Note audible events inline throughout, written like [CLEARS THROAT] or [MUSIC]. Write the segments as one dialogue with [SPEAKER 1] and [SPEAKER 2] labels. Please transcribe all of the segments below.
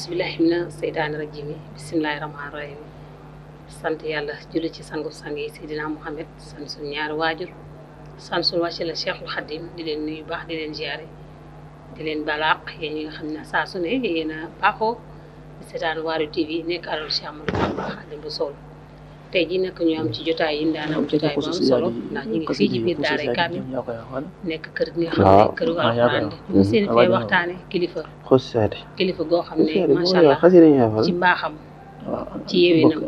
[SPEAKER 1] ausbillahi mina seytaani rajim yi bisimilahi rahmaani rahim sant yàlla julli ci sangu sang yi seydina Muhammad sant suñ ñaari waajur sant suñ wàcc la cheikhul di leen nuyu baax di leen ziyaare di leen balaaq yéen ñi nga xam ne saa su ne yéen a baaxoo di seetaan Waarwi TV nekk alal Cheikh Amadou Bamba tey ji nag ñu am ci jotaay yi daan am jotaay bu ndax ñu ngi fii ci biir daara Kamil nekk kër gi nga xam ne këru ah, alxuraan ñu mm-hmm. kilifa kilifa goo xam ne macha allah ci mbaaxam ci yéwénam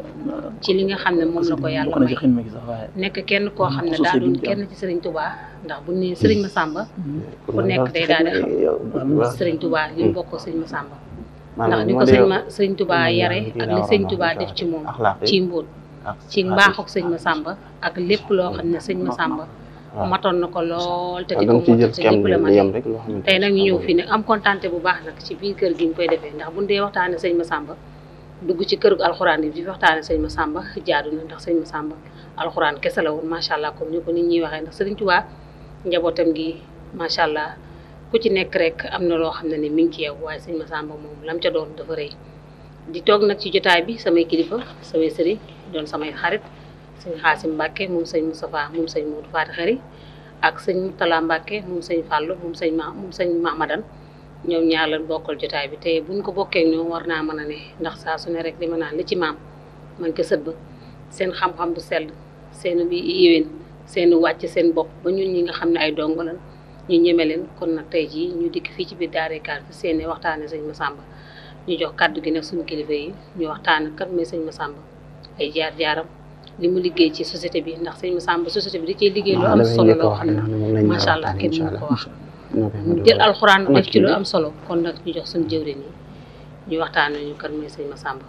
[SPEAKER 1] ci li nga xam ne moom la ko yàlla
[SPEAKER 2] may
[SPEAKER 1] nekk kenn koo xam ne mm-hmm. daal doon kenn ci Serigne Touba ndax bu ne Serigne Massamba mm-hmm. ku nekk day daal di xam Serigne Touba bokk Serigne Massamba ndax ni ko sëñ ma Serigne Touba yare ak li Serigne Touba def ci moom ci mbóot ci mbaaxu sëñ ma Massamba ak lépp loo xam ne sëñ sàmba ah. matoon na ko lool te di ah, ko motal te lépp la mat
[SPEAKER 3] tey nag ñu ñëw fii
[SPEAKER 1] nag am kontante bu baax nag ci biir kër gi ñu koy defee ndax buñ dee waxtaane sëñ sàmba dugg ci kër gu alxuraan yi di waxtaane sëñ Massamba jaadu na ndax sëñ Massamba alxuraan kese la woon allah comme ni ko nit ñuy waxee ndax sëriñ Tuubaa njabootam gi macha allah ku ci nekk rek am na loo xam ne ne mi ngi ci yow sëñ Massamba moom lam ca doon dafa di toog nag ci jotaay bi samay kilifa samay sëriñ doon samay xarit sëñ Xaasim Mbàkke moom sëñ Moustapha moom sëñ Modou Faty Khary ak sëñ Mourtala Mbàkke moom sëñ Fàllu moom sëñ ma moom sëñ Mahmadan ñoom ñaar lañ bokkal jotaay bi te buñ ko bokkee ñoom war naa mën a ne ndax saa su rek li ma naan li ci maam man ko sët ba seen xam-xam bu sell seen bi yéwén seen wàcc seen bopp ba ñu ñi nga xam ne ay dongo lañ ñu ñeme leen kon nag tey jii ñu dikk fii ci biir Daaray Kaamil seen waxtaane sëñ Massamba ñu jox kàddu gi nag suñu kilifa yi ñu waxtaan kat mooy sëñ Massamba ay jaar-jaaram li mu liggéey ci société bi ndax sëñ Massamba société bi da liggéey lu am solo loo xam ne macha allah kenn
[SPEAKER 3] mënu am solo
[SPEAKER 1] kon nag ñu jox suñu jëwrin yi ñu waxtaan ñu kan mooy sëñ Massamba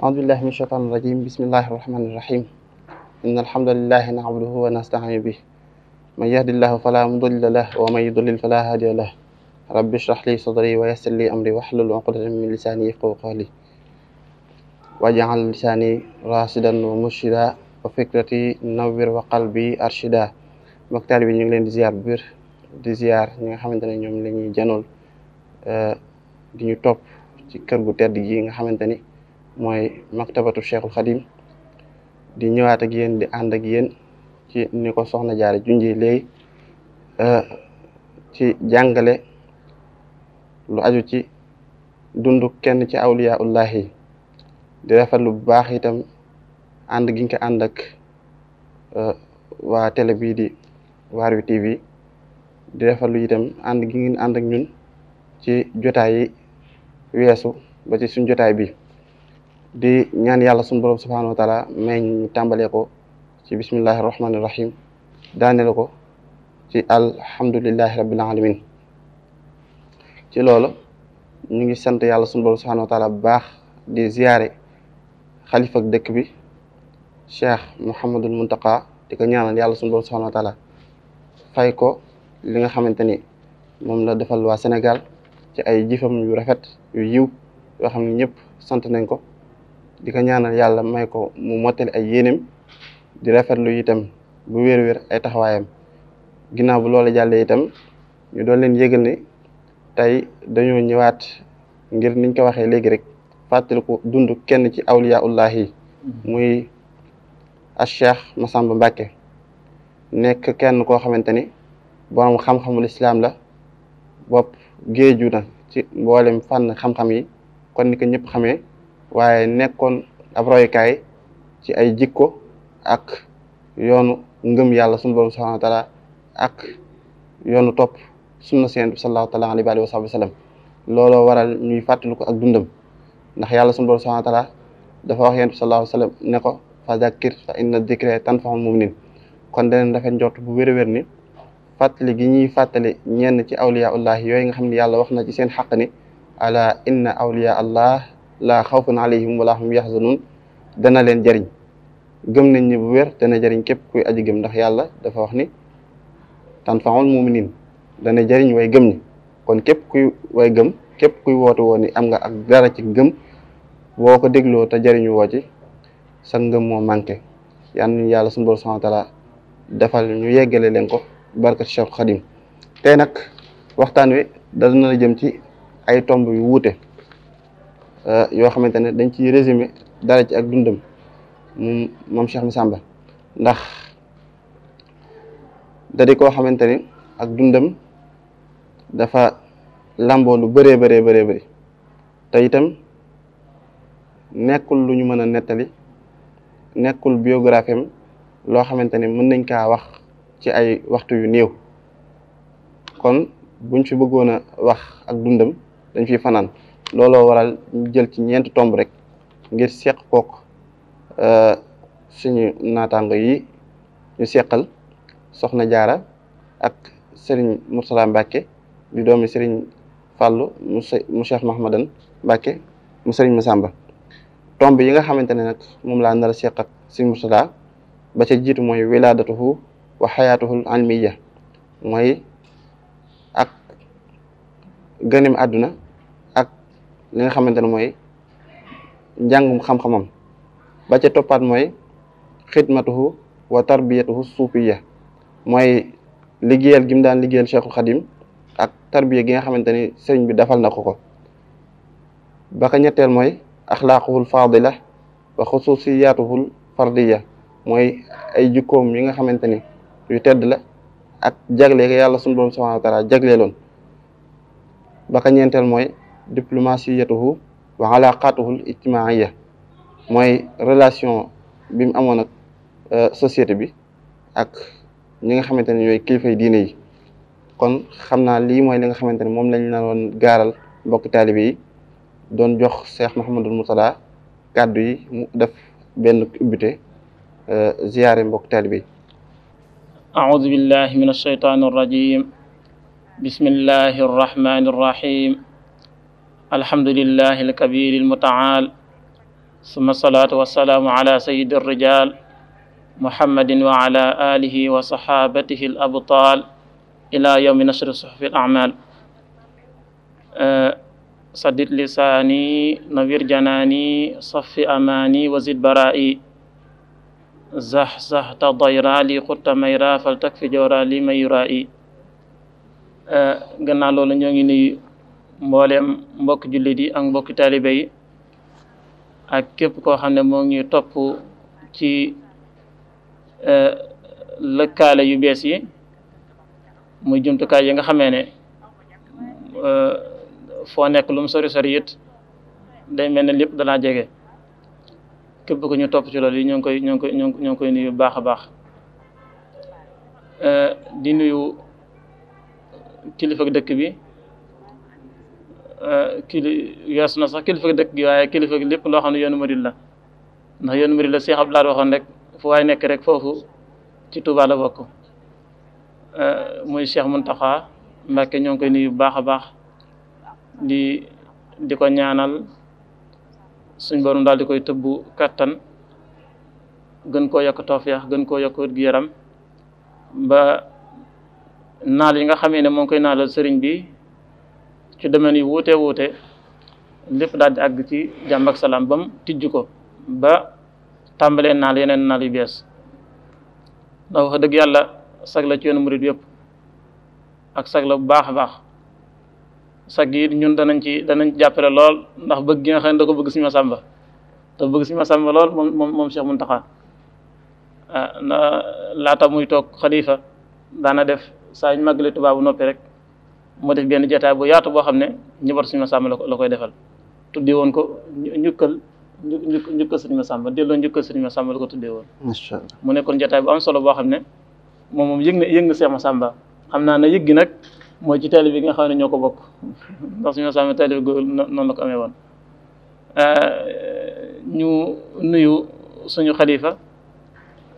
[SPEAKER 3] aoudu billahi min shaytaan rajim bismillahi rahmani rahim inna alhamdulilahi na'buduhu wa nasta'inu bih man yahdillahu fala mudilla lah wa man yudlil fala hadiya lah rabbi ishrah li sadri wa yassir li amri wahlul uqdatan min lisani yafqahu qawli waj'al lisaani raasidan wa murshida wa fikrati nawwir wa qalbi arshida mbokk bi ñu leen di ziar bu biir di ziar ñi nga xamante ne ñoom la ñuy janool eh, di ñu topp ci kër gu tedd gi nga xamante ni mooy maktabatu cheikhul xadim di ñëwaat ak yéen di ànd ak yéen ci ni soxna jaare junji léegi eh, ci jàngale lu aju ci dundu kenn ci awliyaullahi di rafetlu bu baax itam ànd gi nga ko ànd ak euh, waa télé bii itam ànd gi ngeen ñun ci jotaay weesu ba ci suñ jotaay bi di ñaan yàlla suñu borom subhanahu wa may ñu tàmbalee ko ci bismillahi rahmaani rahim ko ci alhamdulillahi rabbil alamin ci loolu ñu ngi sant yàlla suñu borom subhanahu bu baax di ziyaare xalifa dëkk bi cheikh Mouhamadul Muntaqa di ko ñaanal yàlla suñu borom subhanahu fay ko li nga xamante ni moom la defal waa Sénégal ci ay jifam yu rafet yu yiw yoo ne ñëpp sant nañ ko di ko ñaanal yàlla may ko mu motel ay yéeneem di rafetlu itam bu wér-wér ay taxawaayam ginnaaw bu loola jàllee itam ñu doon leen yëgal ne tey dañoo ñëwaat ngir niñ ko waxee léegi rek fàttaliku dund kenn ci awliyaa ullahi mm-hmm. muy a cheikh Massamba Mbacke nekk kenn koo xamante ni borom xam-xamul la bopp géeju na ci mboolem fànn xam yi kon ni ko ñëpp xamee waaye nekkoon ab royukaay ci ay jikko ak yoonu ngëm yàlla sunu borom subhanahu wa ak yoonu topp sunna seen bi sallallahu taala alayhi wa sallam looloo waral ñuy fàttaliku ak dundam ndax yàlla sunu borom subhaanahu wa taala dafa wax yonent bi wa sallam ne ko fa zakkir fa inna dikra tanfa'u mu'minin kon daneen dafay njort bu wér wér ni fàttali gi ñuy fàttali ñenn ci awliya ullahi yooyu nga xam ne yàlla wax na ci seen xaq ni ala inna awliya allah la xawfun alayhim wala hum yahzanun dana leen jëriñ gëm nañ ni bu wér dana jëriñ képp kuy aji gëm ndax yàlla dafa wax ni tanfa'ul mu'minin dana jëriñ way gëm ñi kon képp kuy way gëm képp kuy woote woon ni am nga ak dara ci ngëm boo ko dégloo te jariñu woo ci sa ngëm moo manqué yal nañu yàlla suñu borom subhaanahu wa taala defal ñu yeggale leen ko barka Cheikh Khadim tey nag waxtaan wi dana la jëm ci ay tomb yu wuute eh, yoo xamante ne dañ ciy résumé dara ci ak dundam moom moom Cheikh ndax da koo xamante ak dundam dafa lamboo lu bëree bëree bëree bëri te itam nekkul lu ñu mën a nettali nekkul biographie am loo xamante ne mën nañ kaa wax ci ay waxtu yu néew kon buñ fi bëggoon a wax ak dundam dañ fi fanaan looloo waral jël ci ñeenti tomb rek ngir seq kook euh, suñu naataango yi ñu seqal soxna jaara ak sëriñ Mursala Mbàkke di doomi sëriñ Fàllu mu mu Cheikh Mahmadan Mbàkke mu Sëriñ Masamba tomb yi nga xamante ne nag moom laa nar a seq ak ba ca jiitu mooy wilaadatuhu wa xayaatuhul almiya mooy ak gënim àdduna ak li nga xamante ne mooy njàngum xam-xamam ba ca toppaat mooy xidmatuhu wa tarbiyatuhu suufiya mooy liggéeyal gi mu daan liggéeyal Cheikhul Xadim ak tarbiya gi nga xamante ni sëriñ bi defal na ko ko ba ka ñetteel mooy axlaaquhul faadila wa xususiyaatuhul fardiya mooy ay jikkoom yi nga xamante ni yu tedd la ak jagle yàlla sunu borom subhaanahu wa taala jagleeloon ba ka ñeenteel mooy diplomasiyatuhu wa alaaqaatuhul ijtimaaiya mooy relation bi mu amoon ak euh, société bi ak ñi nga xamante ne yooyu kilifay diine yi kon xam naa lii mooy li nga xamante ne moom lañ la doon gaaral mbokki taalibe yi doon jox Cheikh Mouhamadul Mourtada kàddu yi def benn ubbite euh, ziyaare mbokki taalibe yi
[SPEAKER 2] أعوذ بالله من الشيطان الرجيم بسم الله الرحمن الرحيم الحمد لله الكبير المتعال ثم الصلاة والسلام على سيد الرجال محمد وعلى آله وصحابته الأبطال ila yawmi nashri suhufi al a'mal eh, saddid lisaani nawir janaani safi amaani wazid baraa'i zax zax ta dayra xutta mayra fal fi jawra mayraa'i eh, gannaaw loolu ñoo ngi ni mbooleem mbokki jullit ak mbokki taalibe ak képp koo xam ne moo ngi topp ci eh, lëkkaale yu bees yi muy jumtukaay yi nga xamee ne euh, foo nekk lu mu sori sori it day mel ne lépp dalaa jege képp ku ñu topp ci loolu yi ñu ngi koy ñu ngi koy ñu koy nuyu bu baax baax euh, di nuyu kilifa dëkk bi euh, kili yees na sax kilifa dëkk gi waaye kilifa gi lépp loo xam ne yoonu murid la ndax yoonu murid la Cheikh Abdoulaye waxoon rek fu waay nekk rek foofu ci Touba la bokk. Euh, muy mun taxa Mbacké ñoo ngi koy nuyu bu baax a baax di di ko ñaanal suñ borom daal di koy tëbbu kattan gën koo yokk tawfeex gën koo yokk wér yaram ba naal yi nga xamee ne moo ngi koy naalal sëriñ bi ci domaine yu wuute wuute lépp daal di àgg ci jàmm salaam bam tijj ko ba tàmbalee naal yeneen naal yu bees ndax wax dëgg yàlla sag la ci yoonu murit yëpp ak sagla bu baax a baax sag yi ñun danañ ci danañ jàppale lool ndax bëgg gi nga xam ne da ko bëgg suñu Masamba te bëgg suñu Masamba lool moom moom moom Cheikh Mountakha ah, laata muy toog xalifa daana def saa ñu màggale Tuubaa bu noppi rek moo def benn jataay bu yaatu boo xam ne ñëbar suñu Masamba la koy defal tuddee woon ko njukkal njukkal sëriñ Masamba delloo njukkal sëriñ Masamba la ko tuddee woon mu nekkoon jataay bu am solo boo xam ne moom moom yëg na yëg na sàmba xam naa na yëg nag mooy ci taalibe bi nga xam ne ñoo ko bokk ndax suñu Massamba taalibe la ko amee woon euh, nuyu suñu xalifa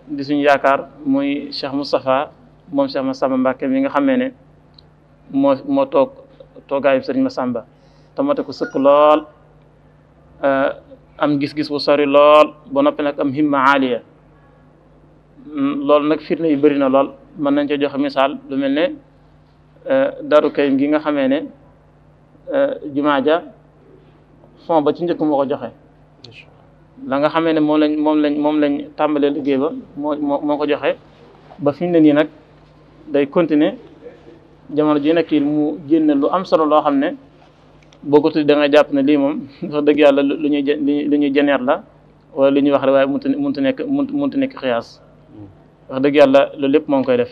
[SPEAKER 2] di yaakaar muy Cheikh Moustapha moom Cheikh Massamba Mbacke mi nga xamee ne moo moo toog toogaayu sëriñ sàmba te mate ko sëkk lool euh, am gis-gis bu sori lool ba noppi nag am himma aaliya loolu nag firnde yu bëri na lool mën nañ ca joxe misaal lu mel ne euh, daru kayim gi nga xamee ne euh, jumaa ja fond ba ci njëkk moo ko joxe la nga xamee ne moom lañ moom lañ moom lañ tàmbalee liggéey ba moo moo ko joxe ba fi mu ne nii nag day continuer jamono ji kiir mu génne lu am solo loo xam ne boo ko tudd da jàpp ne lii moom [LAUGHS] wax dëgg yàlla lu ñuy lu ñuy jeneer la wala lu ñuy wax rek waaye mënut a nekk mënut mënut nekk xiyaas wax dëgg yàlla loolu lépp moo ngi koy def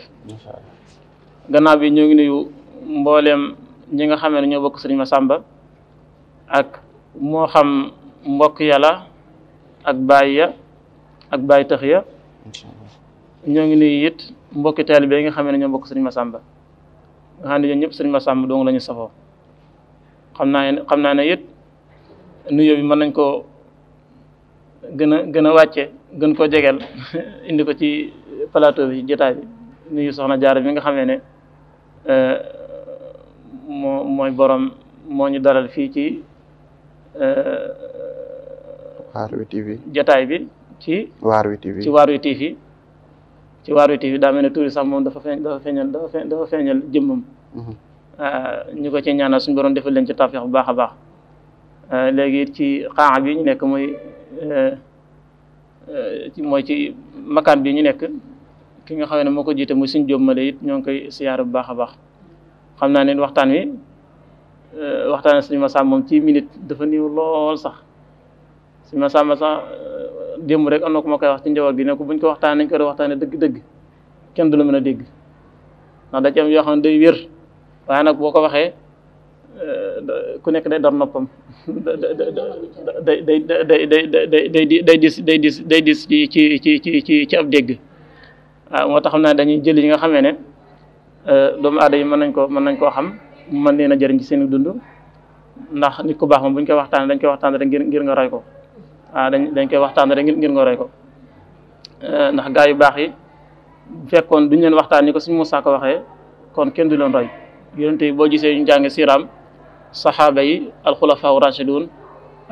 [SPEAKER 2] gannaaw bi ñoo ngi nuyu mbooleem ñi nga xamee ne ñoo bokk ma sàmba ak moo xam mbokk yàlla ak baay ya ak baay tax ya ñoo ngi nuyu it mbokki taalibe yi nga xamee ne ñoo bokk sëriñ Masamba nga xam ne ñoom ñëpp sëriñ ma dong la ñu safoo naa ne naa ne it nuyoo mën nañ koo gën a gën a wàcce gën koo jegeel indi ko ci plateau bi ci jotaay bi nuyu soxna Jaara mi nga xamee ne eh, mooy borom moo ñu daral fii ci eh, waar wi TV jotaay bi ci
[SPEAKER 3] waar wi TV ci waar
[SPEAKER 2] wi TV ci waar wi daa mel ne tuuri sax moom dafa feeñ dafa feeñal dafa feeñ jëmmam mm-hmm. eh, ñu ko ci ñaanal suñu borom defal leen ci tawfiq bu baax a baax léegi ci xaa bi ñu nekk mooy mooy ci makaan bi ñu nekk ki nga xam ne moo ko jiite muy suñ jóob male it ñoo ngi koy siyaar bu baax a baax xam naa ne waxtaan wi euh, waxtaan suñu masaam moom ci minute dafa néew lool sax suñu masaam sax démb rek am na ko ma koy wax ci njawal gi ne ko buñ ko waxtaan nañ ko doon waxtaanee dëgg-dëgg kenn du la mën a dégg ndax da ci am day wér waaye nag boo ko waxee ku nekk day dar noppam day day day day day day dis day dis day dis ci ci ci ci ci ci ab dégg waaw moo tax xam naa dañuy jël yi nga xamee ne doomu aada yi mën nañ ko mën nañ koo xam mën leen a jëriñ ci seeni dund ndax nit ku baax moom bu ñu koy waxtaanee dañ koy waxtaan rek ngir ngir nga roy ko waaw dañ dañ koy waxtaan rek ngir nga roy ko ndax gaa yu baax yi fekkoon duñ leen waxtaan ni ko suñu Musaa ko waxee kon kenn du leen roy yonent yi boo gisee ñu jàng siiraam saxaaba yi alxulafaa rachidun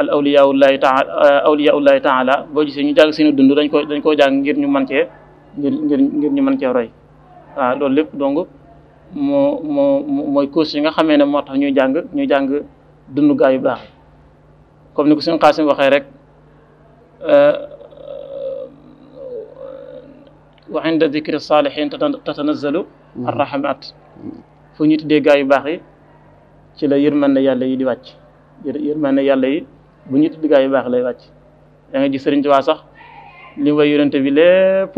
[SPEAKER 2] al awliyaullahi taala euh, awliyaullahi taala boo gisee ñu jàng seeni dund dañ ko dañ koo jàng ngir ñu mën cee ñu mën cee roy waaw loolu lépp donc moo moo mooy cause yi nga xamee ne moo tax ñuy jàng ñuy jàng dund gaa yu baax comme ni ko suñu xaasim waxee rek euh, wa inda dicri saalihin tatanazzalu arrahmat mm-hmm. fu ñu tuddee gaa yu baax yi ci la yërmande yàlla yi di wàcc yërmande yàlla yi bu ñu tudd gaa yu baax lay wàcc da nga gis Sëriñ Tuubaa sax li way yonente bi lépp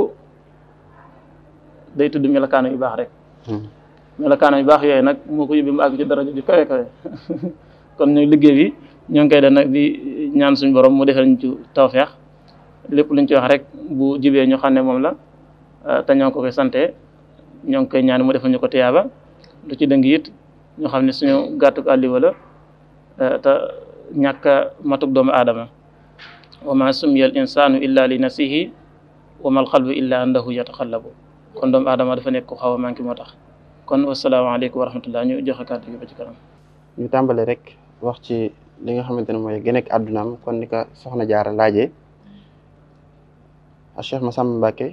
[SPEAKER 2] day tudd melokaano yu baax rek hmm. melokaano yu baax yooyu nag moo ko yóbbi mu àgg ci daraja [LAUGHS] kon ñu liggéey bi ñoo ngi koy def nag di ñaan suñu borom mu defal ñu ci tawfeex lépp luñ ci wax rek bu jibee ñu xam ne moom la ah, te ñoo ngi sante ñoo ngi koy ñaan mu defal ñu ko tiyaaba lu ci dëng ñu xam ne suñu gàttuk àlliwa la eh, te ñàkk a matuk doomu aadama wa ma sumiya al insanu illa li nafsihi wa mal xalbu illa andahu yataxallabu kon doom adama dafa nekk ko xaw a manqué moo tax kon wasalaamaaleykum wa rahmatullah ñu joxe kàddu gi ba
[SPEAKER 3] ñu tàmbale rek wax ci li nga xamante ne mooy génekk àddunaam kon ni ko soxna jaara laajee a Cheikh Massamba Mbacké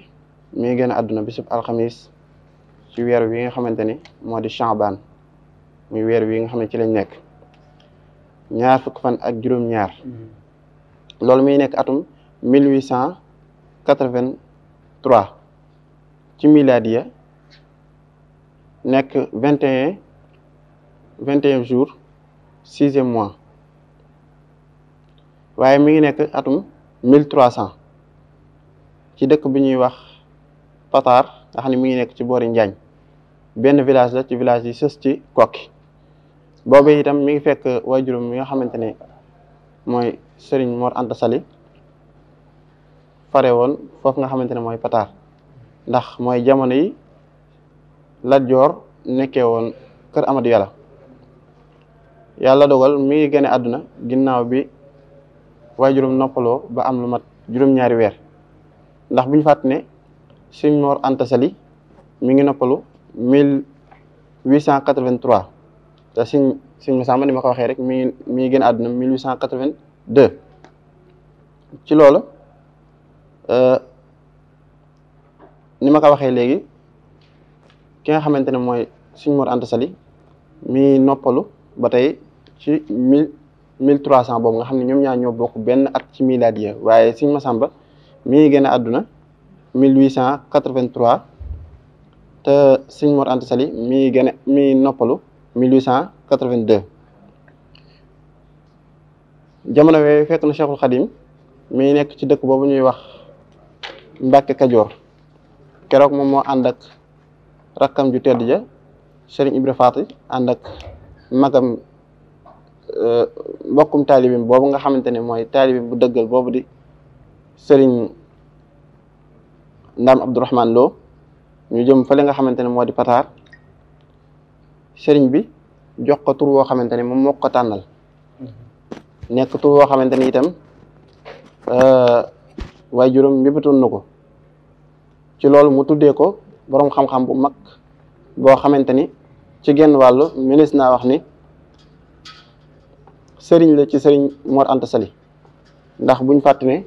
[SPEAKER 3] mi ngi génn àdduna bisub alxamis ci weer wi nga xamante ni moo di Chaabaan muy weer wi nga xam ne ci lañ nekk ñaar fukk fan ak juróom-ñaar mm-hmm. loolu muy nekk atum mille huit cent quatre-vingt-trois ci miladiya nekk vingt et un vingt et un jours sixième mois waaye mi ngi nekk atum mille trois cent ci dëkk bi ñuy wax Patar nga xam ne mi ngi nekk ci boori Njaañ benn village la ci village yi sës ci Kokki boobu itam mi ngi fekk waajuram mi nga xamante ne mooy Serigne Mor Anta Sali fare woon foofu nga xamante ne mooy Pataar ndax mooy jamono yi Lat nekkee woon kër Amadu Yàlla yàlla dogal mi ngi gën àdduna ginnaaw bi waajuram noppaloo ba am lu mat juróom-ñaari weer ndax bu ñu fàtt ne Serigne moor Anta Sali mi ngi noppalu mille huit cent quatre-vingt-trois te sëñ sëñ Masamba ni ma ko waxee rek mi ngi mi ngi génn àdduna 1882 ci loolu euh, ni ma ko waxee léegi ki nga xamante ne mooy sëñ Mor Anta Sali mi noppalu ba tey ci mille mille trois cent boobu nga xam ne ñoom ñaar ñoo bokk benn at ci milaad yi waaye sëñ Masamba mi ngi génn àdduna mille 1883 te sëñ Mor Anta Sali mi ngi mii noppalu. 1882 jamono wee fekk na Cheikhul Khadim mi nekk ci dëkk boobu ñuy wax Mbàkke Kajoor keroog moom moo ànd ak rakkam ju tedd ja Serigne Ibra Faati ànd magam euh, mbokkum taalibim boobu nga xamante ne mooy taalibim bu dëggal boobu di Serigne Ndam Abdourahmane Lo ñu jëm fële nga xamante ne moo di Pataar sëriñ bi jox ko tur woo xamante ne moom moo ko tànnal mm-hmm. nekk tur woo xamante ni itam euh, waaye juróom mbébatoon na ko ci loolu mu tuddee ko boroom xam-xam bu mag boo xamante ni ci genn wàllu ministre naa wax ni sëriñ la ci sëriñ Mor Anta Sali ndax buñ fàtte ne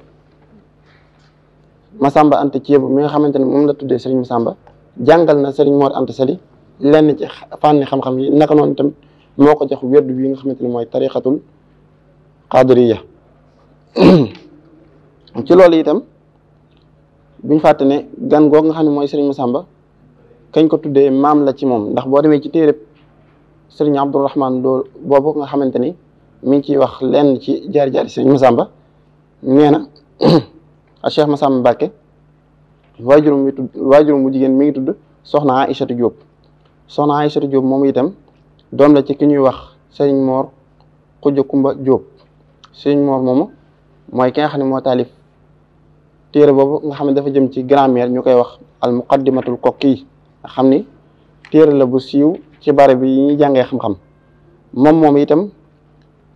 [SPEAKER 3] Masamba Anta Ceebu mi nga xamante ne moom la tuddee sëriñ Masamba jàngal na sëriñ Mor Anta Sali lenn ci fànni xam-xam yi naka noonu tamit moo ko jox weddu bi nga xamante ne mooy tariqatul qadiriya [CLEARS THROAT] ci loolu itam buñ fàtte ne gan goog nga xam ne mooy Serigne Massamba kañ ko tuddee maam la ci moom ndax boo demee ci téereb Serigne Abdourahman doo boobu nga xamante ni mi ngi ciy wax lenn ci jaar-jaari Serigne Massamba nee na [CLEARS THROAT] a Cheikh Massamba Mbacke waajurum wi tudd waajurum bu jigéen mi ngi tudd soxna Aïchatu Diop soxna Aïssata Diop moom itam doom la ci ki ñuy wax sëriñ moor Khoudia Kumba jóob sëriñ Mor moomu mooy ki xam ne moo taalif téere boobu nga xam ne dafa jëm ci grammaire ñu koy wax al muqaddimatul kokki xam ni téere la bu siiw ci bari bi ñuy jàngee xam-xam moom moom itam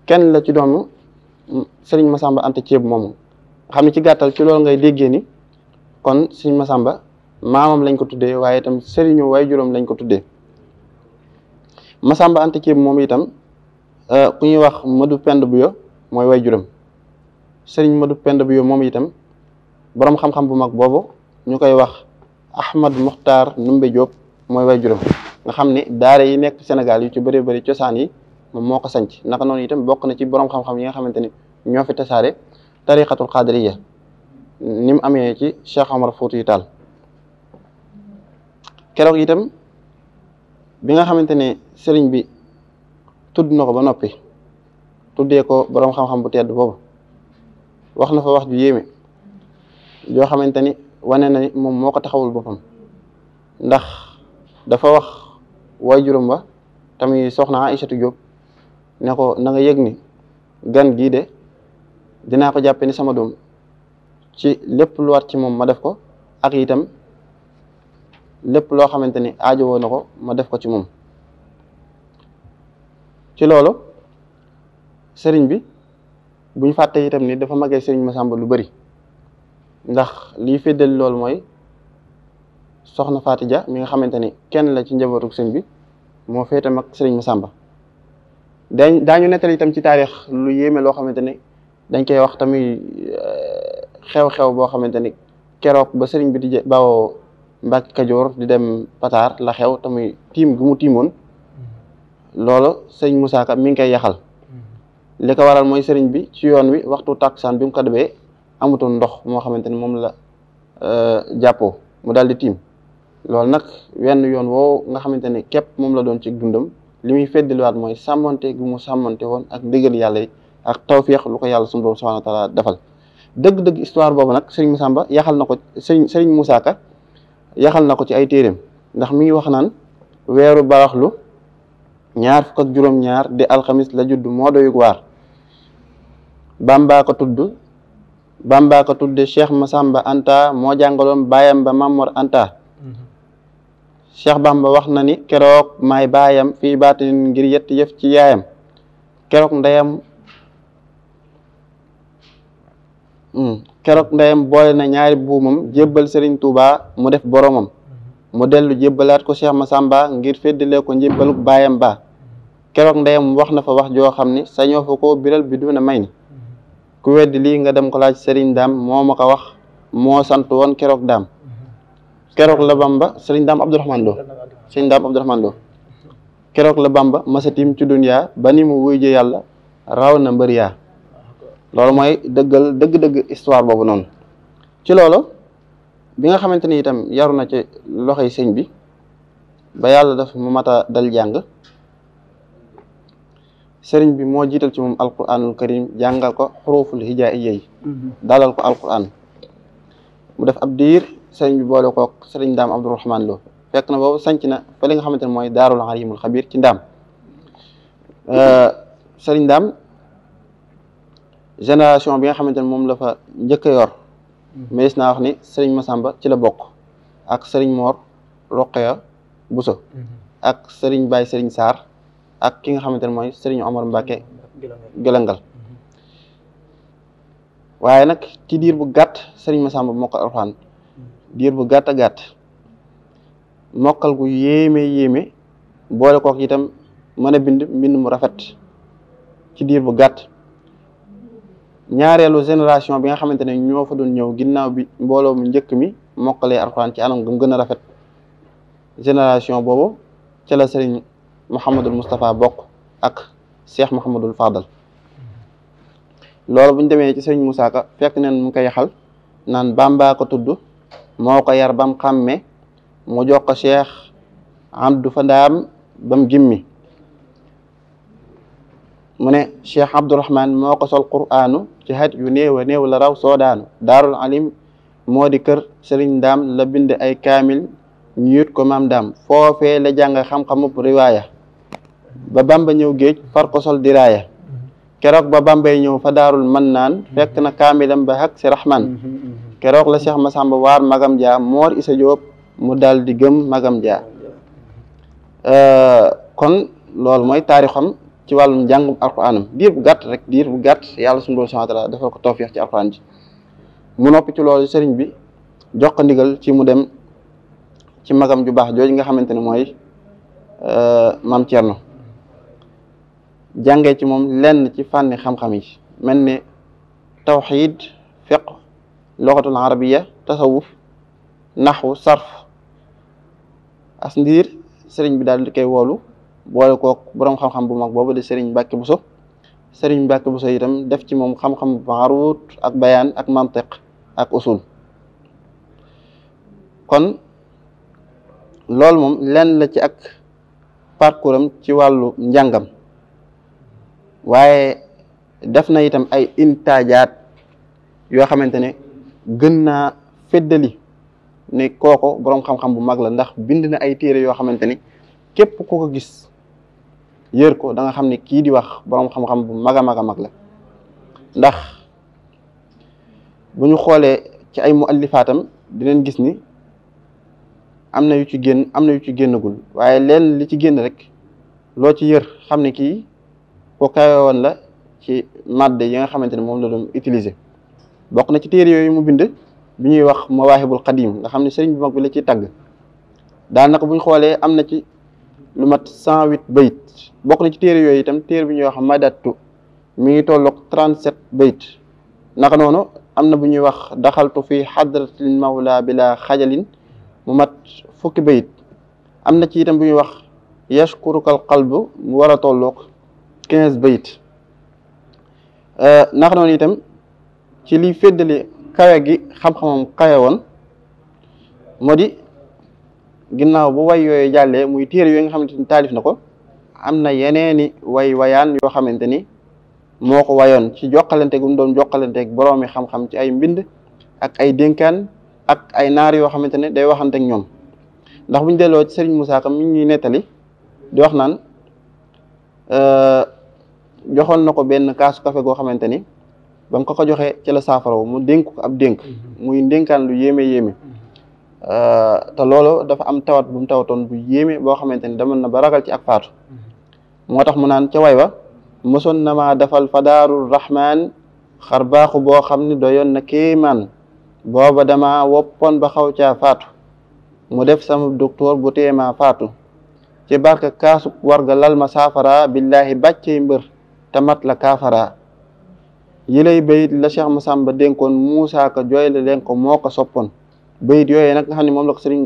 [SPEAKER 3] kenn la ci doomu sëriñ Masamba Anta Ceeb moomu xam ne ci gàttal ci loolu ngay déggee ni kon sëriñ Masamba maamam lañ ko tuddee waaye itam sëriñu waaye juróom lañ ko tuddee Masamba Anta Kebe moom itam euh, ku ñuy wax Madu Pend bu yo mooy way juram sëriñ Madu Pend bu yo moom itam boroom xam-xam bu mag boobu ñu koy wax Ahmad Muxtaar Numbe Diop mooy way juram nga xam ni daare yi nekk Sénégal yu ci bëree bëri cosaan yi moom moo ko sanc naka noonu itam bokk na ci boroom xam-xam yi nga xamante ni ñoo fi tasaare tariqatul qadiriya ni mu amee ci Cheikh Omar Fouti Tall keroog itam bi nga xamante ne sëriñ bi tudd na ko ba noppi tuddee ko boroom xam-xam bu tedd boobu wax na fa wax ju yéeme joo xamante ni wane na moom moo ko taxawul boppam ndax dafa wax waajuram ba tamit soxna Aïssatou Diop ne ko na nga yëg ni gan gii de dinaa ko jàppe ni sama doom ci lépp lu ci moom ma def ko ak itam lépp loo xamante ni aajowoo na ko ma def ko ci moom ci loolu sëriñ bi buñ fàtte itam ni dafa magee sëriñ Masamba lu bari ndax liy feddali loolu mooy soxna Faati Ja mi nga xamante ni kenn la ci njabootu sëriñ bi moo féete mag sëriñ sàmba dañ daañu nettali itam ci taarix lu yéeme loo xamante ni dañ koy wax tamit euh, xew-xew boo xamante ni keroog ba sëriñ bi di bawoo Mbàkke Kajoor di dem Pataar la xew te tiim gu mu tiimoon loolu sëñ Moussa Ka mi ngi koy yaxal li ko waral mooy sëriñ bi ci yoon wi waxtu tàkkusaan bi mu ko demee amutoon ndox moo xamante ni moom la euh, jàppoo mu daal di tiim loolu nag wenn yoon woo nga xamante ni képp moom la doon ci dundam li muy feddiliwaat mooy sàmmante gu mu sàmmante woon ak ndigal yàlla yi ak tawféex lu ko yàlla sunu Boroom subhaanahu wa defal dëgg-dëgg histoire boobu nag sëriñ Massamba na ko sëriñ sëriñ Moussa Ka yaxal na ko ci ay téeréem ndax mi ngi wax naan weeru baraxlu ñaar fukk ak juróom-ñaar di alxamis la judd moo doyug waar bàmbaa ko tudd bàmbaa ko tudde cheikh masamba anta moo jàngaloon baayam ba mamor anta cheikh bamba wax na ni keroog may baayam fii baatin ngir yett yëf ci yaayam keroog ndeyam hmm, keroog ndeyam boole na ñaari buumam jébbal sëriñ Touba mu def boromam mu dellu jébbalaat ko Cheikh Massamba ngir féddale ko njébbalu baayam ba keroog ndeyam wax na fa wax joo xam ni sañoo fa koo biral bi du na may ni ku weddi lii nga dem ko laaj sëriñ Dame moo ma ko wax moo sant woon keroog daam keroog la bamba Serigne Dame Abdourahmane Lo Serigne Dame Abdourahmane keroog la bamba masatim ci duniyaa ba ni mu wuy ji yàlla raw na mbër yaa loolu mooy dëggal dëgg-dëgg histoire boobu noonu ci loolu bi nga xamante ni itam yaru na ci loxoy sëñ bi ba yàlla def mu mat dal jàng sëriñ bi moo jiital ci moom alquranul karim jàngal ko xuruful hijaaiya yi mhm. dalal ko alquran mu def ab diir sëriñ bi boole kook sëriñ daam abdourahman lo fekk na boobu sanc na fa li nga xamante ne mooy daarul alimul xabir ci ndaam [LAUGHS] euh, sëriñ daam génération bi nga xamante ne moom la fa njëkk a yor hmm. mais naa wax ni sëriñ Masamba ci la bokk ak sëriñ Mor Roqeya Bousso hmm. ak sëriñ Baye sëriñ Sarr ak ki nga xamante ne mooy sëriñ Omar Mbacke Gëlangal hmm. waaye nag ci diir bu gàtt sëriñ Masamba moo ko diir bu gàtt gàtt mokkal gu yéeme yéeme boole kook itam mën a bind mbind mu rafet ci diir bu gàtt ñaareelu génération bi nga xamante ne ñoo fa doon ñëw ginnaaw bi mbooloo mu njëkk mi mokkalee alxuraan ci anam gum gën a rafet génération boobu ca la sëriñ Mouhamadul Moustapha bokk ak Cheikh Mouhamadul Fadal loolu bu ñu demee ci sëriñ Moussa fekk neen num koy xal naan Bàmbaa ko tudd moo ko yar bam xàmmee mu jox ko Cheikh Abdou Fadam bam jimmi mu ne cheikh abdourahman moo ko sol qur'aanu ci xaj yu néew a néew raw soodaanu daarul alim moo di kër sëriñ daam la bind ay kaamil ñuyut ko maam daam foofee la jàng xam-xamub riwaaya ba bamba ñëw géej far ko sol diraaya keroog ba bambay ñëw fa daarul naan fekk na kaamilam ba xaq si rahman keroog la cheikh masamba waar magam jaa moor isa joob mu dal di gëm magam jaa euh, kon loolu mooy taarixam ci wàllum njàngum alquranam diir bu gàtt rek diir bu gàtt yàlla suñu borom subhanahu wa ko tawfiix ci alquran ji mu noppi ci loolu sëriñ bi jox ko ndigal ci mu dem ci magam ju baax jooju nga xamante ne mooy euh, maam Thierno jàngee ci moom lenn ci fànni xam-xam yi mel ni tawxiid fiqh luxatul arabiya tasawuf naxwu sarf as ndiir sëriñ bi daal di koy woolu boole kook borom xam-xam bu mag boobu di Serigne Mbacke Bousso Serigne bu Bousso itam def ci moom xam-xam baruut ak bayaan ak mantiq ak usul kon loolu moom lenn la ci ak parcours ci wàllu njàngam waaye def na itam ay intaajaat yoo xamante ne gën naa feddali nekk kooko boroom xam-xam bu mag la ndax bind na ay téere yoo xamante ni képp ku gis yër ko da nga xam ne kii di wax boroom xam-xam bu mag a mag a mag la ndax bu ñu xoolee ci ay mu muallifaatam dinañ gis ni am na yu ci génn am na yu ci génnagul waaye leen li ci génn rek loo ci yër xam ne kii ko kawe woon la ci madde yi nga xamante ne moom la doon utiliser bokk na ci téere yooyu mu bind bu ñuy wax mawaahibul xadim nga xam ne sëriñ bu mag bi la ciy tàgg daanaka buñ xoolee am na lu mat cent huit bayit bokk na ci téere yooyu itam téere bi ñuy wax madattu mi ngi tolloog trente sept bayit naka am na bu ñuy wax daxaltu fi xadratil mawla bila xajalin mu mat fukki bayit am na ci itam bu ñuy wax yashkurukal qalbu mu war a tolloog quinze bayit euh, naka noonu itam ci liy féddali kawe gi xam-xamam kawe woon moo ginnaaw bu way yooyu jàllee muy téere yooyu nga xamante ni taalif na ko am na yeneeni way wayaan yoo xamante ni moo ko wayoon ci jokkalante gu mu doon jokkalanteeg boroomi xam-xam ci ay mbind ak ay dénkaan ak ay naar yoo xamante ne day waxanteeg ñoom ndax buñ delloo ci Serigne Moussa Ka ñuy nettali di wax naan euh, joxoon na ko benn kaasu kafe goo xamante ni ba mu ko ko joxee ci la saafara mu dénk ko ab dénk mm-hmm. muy dénkaan lu yéeme yéeme. Euh, te loolu dafa am tawat bu mu tawatoon bu yéeme boo xamante ni demoon na ba ragal ci ak faatu mm-hmm. moo tax mu naan ca way wa mosoon na ma defal fadaaru rahmaan xar baaxu boo xam ni doyoon na kéemaan booba dama woppoon ba xaw ca faatu mu def sam docteur bu téemaa faatu ci barka kaasu warga lal ma saafara billahi bàccey mbër te mat la kaafara yi lay bayit la ma Massamba dénkoon Moussa ka jooy la leen ko moo ko soppoon bayit yooyee nag nga xam ne moom la ko sëriñ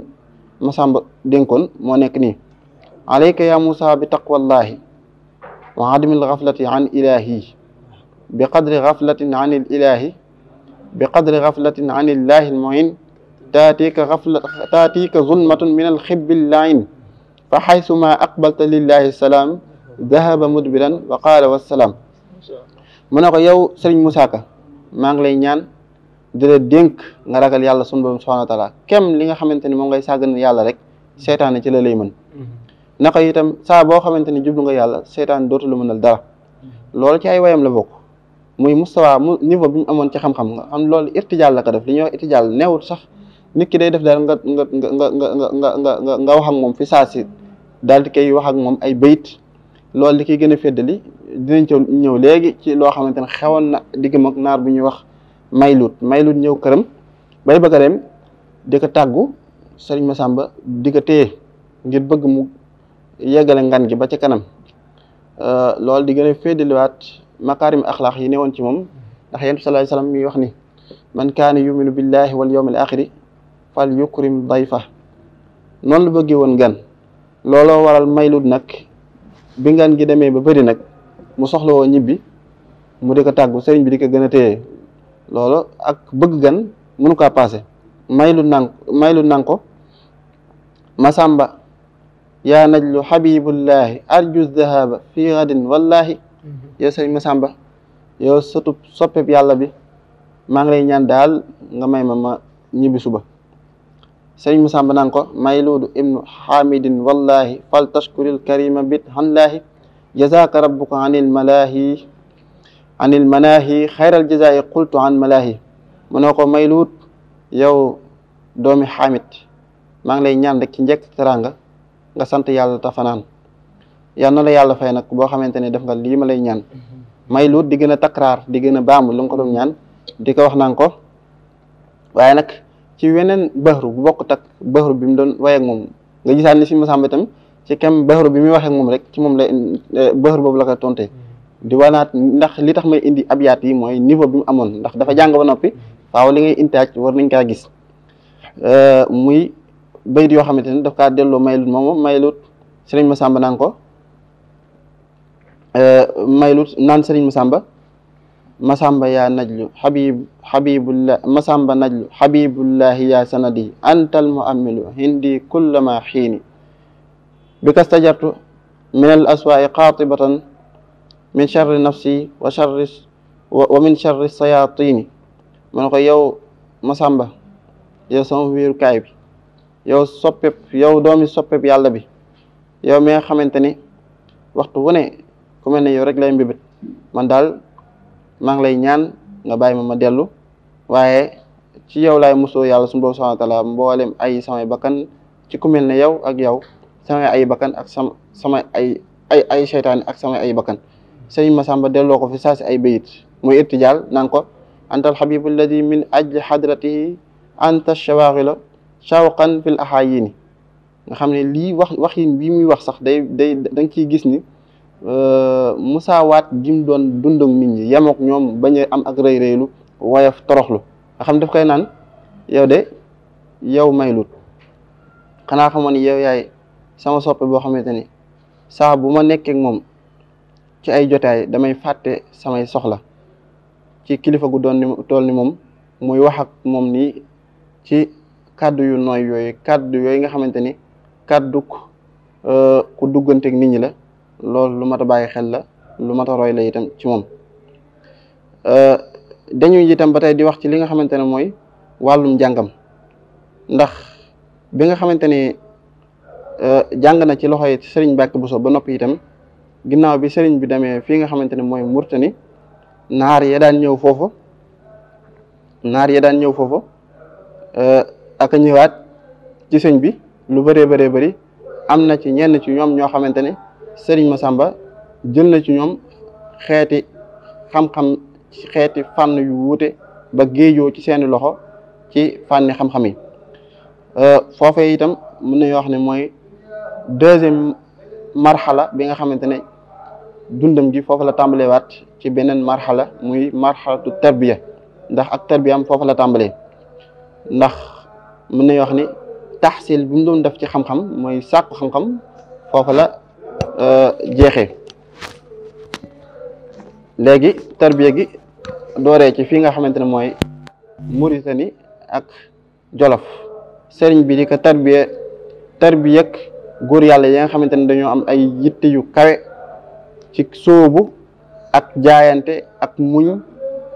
[SPEAKER 3] Masamba dénkoon moo nekk nii alayka ya Musa bi taqwallahi wa adamil gaflati an ilahi bi qadri gaflatin an il ilahi bi qadri gaflatin an illahi almuin taatika gafla taatika zulmatun min alxibbi llain fa xaysuma aqbalta lillahi salaam dahaba mudbiran wa qaala wassalaam mu ne ko yow sëriñ Musa Ka maa ngi lay ñaan di la dénk nga ragal yàlla sunu borom subhanahu wa taala kem li nga xamante ni moom ngay sàggan yàlla rek seetaan ci la lay mën mm-hmm. naka itam saa boo xamante ni jublu nga yàlla seetaan dootu la mënal dara mm-hmm. loolu ci ay wayam la bokk muy mustawa mu niveau bi mu amoon ci xam-xam nga xam loolu irtijaal la ko def li ñuy wax irtijaal neewut sax nit ki day def daal nga nga nga nga nga nga nga nga moom fi saa si daal di koy wax ak moom ay bayit loolu li koy gën a féddali dinañ ñëw léegi ci loo xamante ne xewoon na digg mag naar bu ñuy wax maylut maylut ñëw këram bay bëgga dem di ko tàggu sëriñ Masamba di ko téye ngir bëgg mu yeggale ngan gi ba ca kanam euh, loolu di gën a féddaliwaat makaarim axlaax yi newoon ci moom ndax yonent bi sallallahu alayhi wasallam wax ni man kaana yuminu billahi wal yawmil axiri fal yukrim dayfa noonu la bëggee woon gan looloo waral maylut nag bi ngan gi demee ba bëri nag mu soxla woo ñibbi mu di ko tàggu sëriñ bi di ko gën a téye loolo ak bëgg gan mënu kaa paase maylu nan maylu nan ko masamba yaa najlu xabibullaahi arju dahaba fii gadin wallaahi mhm. yow sëriñ masamba yow sotub soppeb yàlla bi maa ngi lay ñaan daal nga may ma ma ñibbi suba sëriñ masamba nan ko mayluudu ibnu xamidin wallaahi fal tashkuril karima bit xanlaahi jazaaka rabbuka anil malaahi anil manahi xayral jazaa'i qultu an malahi mu ne ko mayluut yow doomi xaamit maa ngi lay ñaan rek ci njëkk teranga nga sant yàlla tafanaan yal na la yàlla fay nag boo xamante ne def nga lii ma lay ñaan mayluut di gën a takraar di gën a baamu lum ko doon ñaan di ko wax naan ko waaye nag ci weneen bahru bu bokk tak bahru bi mu doon waye ak moom nga gisaat ni si masamba itam ci kem bahru bi muy waxee ak moom rek ci moom la eh, bahru boobu la ko tontee di wanaat ndax li tax may indi abyaat yi mooy niveau bi mu amoon ndax dafa jàng ba noppi waaw li ngay intaaj war nañ kaa gis euh, muy bayit yoo xamante ne daf kaa delloo maylut moom maylut sëriñ Masamba naan ko euh, maylut naan sëriñ Masamba Masamba yaa najlu xabib xabibullah Masamba najlu xabibullahi yaa sanadi antal mu amilu hindi kullama xiini bi kastajartu min al aswaai qaatibatan min charri nafsi wa charri wa min charri sayatini ma ne ko yow Masamba yow sama bi yow soppeb yow doomi soppeb yàlla bi yow mi nga xamante ni waxtu wu ne ku rek lay mbibit man daal maa ngi lay ñaan nga bàyyi ma ma dellu waaye ci yow laay mosoo yàlla suñu boroom subhaanahu wa mboolem ay samay bakkan ci ku ne yow ak yow samay ay bakkan ak sama samay ay ay ay ak samay ay bakkan sëriñ Masamba delloo ko fi saa si ay bayit muy irtijaal naan ko anta alxabibu alladi min ajli xadratihi anta shawaxila shawqan fil ahayini nga xam ne lii wax waxin bii muy wax sax day day da nga gis ni euh, musaawaat gim doon dund ak nit ñi ñoom bañ am ak rëy rëylu toroxlu nga xam daf koy naan yow de yow maylut xanaa xamoon yow yaay sama soppe boo xamante ni saa bu ma nekkee moom ci ay jotaay damay fàtte samay soxla ci kilifa gu doon ni moom muy wax ak moom nii ci kàddu yu nooy yooyu kàddu yooyu nga xamante ni kàddu euh, ku dugganteeg nit ñi la loolu lu mat a bàyyi xel la lu mat a roy la itam ci moom euh, dañuy itam ba tey di wax ci li nga xamante ne mooy wàllum njàngam ndax bi nga xamante ni euh, jàng na ci loxo yi Sëriñ bu so ba noppi itam ginnaaw bi sëriñ bi demee fii nga xamante ne mooy Murtani naar yee daan ñëw foofu naar ya daan ñëw foofu eh, ak ñëwaat ci sëñ bi lu bëree bëree bëri am na ci ñenn ci ñoom ñoo xamante ne ma Masamba jël na ci ñoom xeeti xam-xam xeeti fànn yu wuute ba géejoo ci seeni loxo ci fànni xam-xam yi eh, foofee itam mën nañu wax ne mooy deuxième marxala bi nga xamante ne dundam gi foofu la tàmbalee ci beneen marxala muy marxalatu tarbiya ndax ak tarbiyaam foofu la tàmbalee ndax mën nañu wax ni taxsil bi mu doon def ci xam-xam mooy sàkku xam-xam foofu la euh, jeexee léegi tarbiya gi dooree ci fi nga xamante ne mooy Mauritanie ak Jolof seriñ bi di ko tarbiya tarbiya góor yàlla yi nga xamante ne dañoo am ay yitte yu kawe ci sóobu ak jaayante ak muñ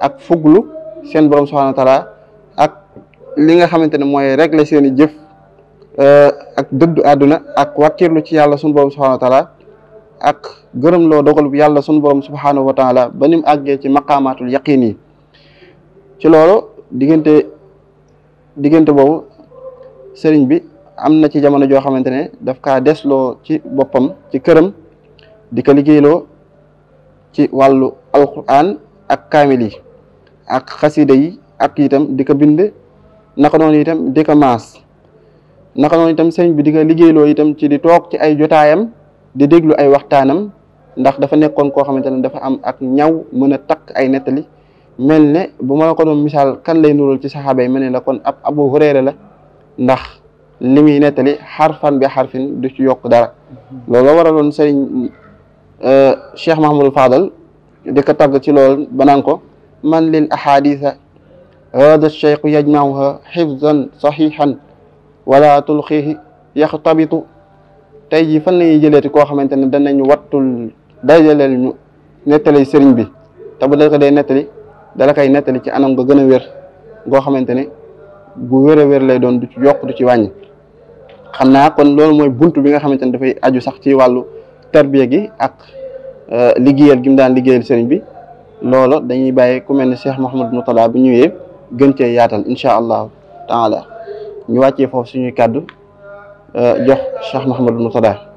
[SPEAKER 3] ak fuglu seen borom subhanahu wa ak li nga xamante ne mooy régler seen i jëf euh, ak dëddu àdduna ak wàkkirlu ci yàlla sunu borom subhanahu wa taala ak gërëm loo dogal yàlla sunu borom subhanahu wa ba ni àggee ci maqaamaatul yaqiin yi ci loolu diggante diggante boobu sëriñ bi am na ci jamono joo xamante ne daf kaa desloo ci boppam ci këram. di ko liggéeyloo ci wàllu alquran ak kaamil ak xasida yi ak itam di ko bind naka noonu itam di ko maas naka noonu itam sëñ bi di ko liggéeyloo itam ci di toog ci ay jotaayam di déglu ay waxtaanam ndax dafa nekkoon koo xamante ne dafa am ak ñaw mën a takk ay nettali mel ne bu ma la ko doon misaal kan lay nural ci saxaaba yi mel ne la kon ab Abu Hurayra la ndax li muy nettali xarfan bi xarfin du ci yokk dara mm-hmm. loolu waraloon sëriñ Euh, cheikh mahamadul fadal di ko tagg ci lool banaan ko man lil ahaditha hada cheikhu yajmauha xifzan saxihan wala tulxihi yaxtabitu tey jii fan lañuy jëleeti koo xamante ne danañ wattul dajaleel ñu nettali sëriñ bi te bu dal ko dee nettali dala koy nettali ci anam nga gën a wér goo xamante ne gu wér a wér lay doon du yokk du ci wàññi xam naa kon loolu mooy bunt bi nga xamante ne dafay aju sax ci wàllu tarbiya gi ak euh, liggéeyal gi mu daan liggéeyal sëriñ bi loolu dañuy bàyyi ku mel ne Cheikh Mouhamadou Moutala bu ñëwee gën cee yaatal incha allahu taala ñu wàccee foofu suñuy kàddu euh, jox Cheikh Mouhamadou Moutala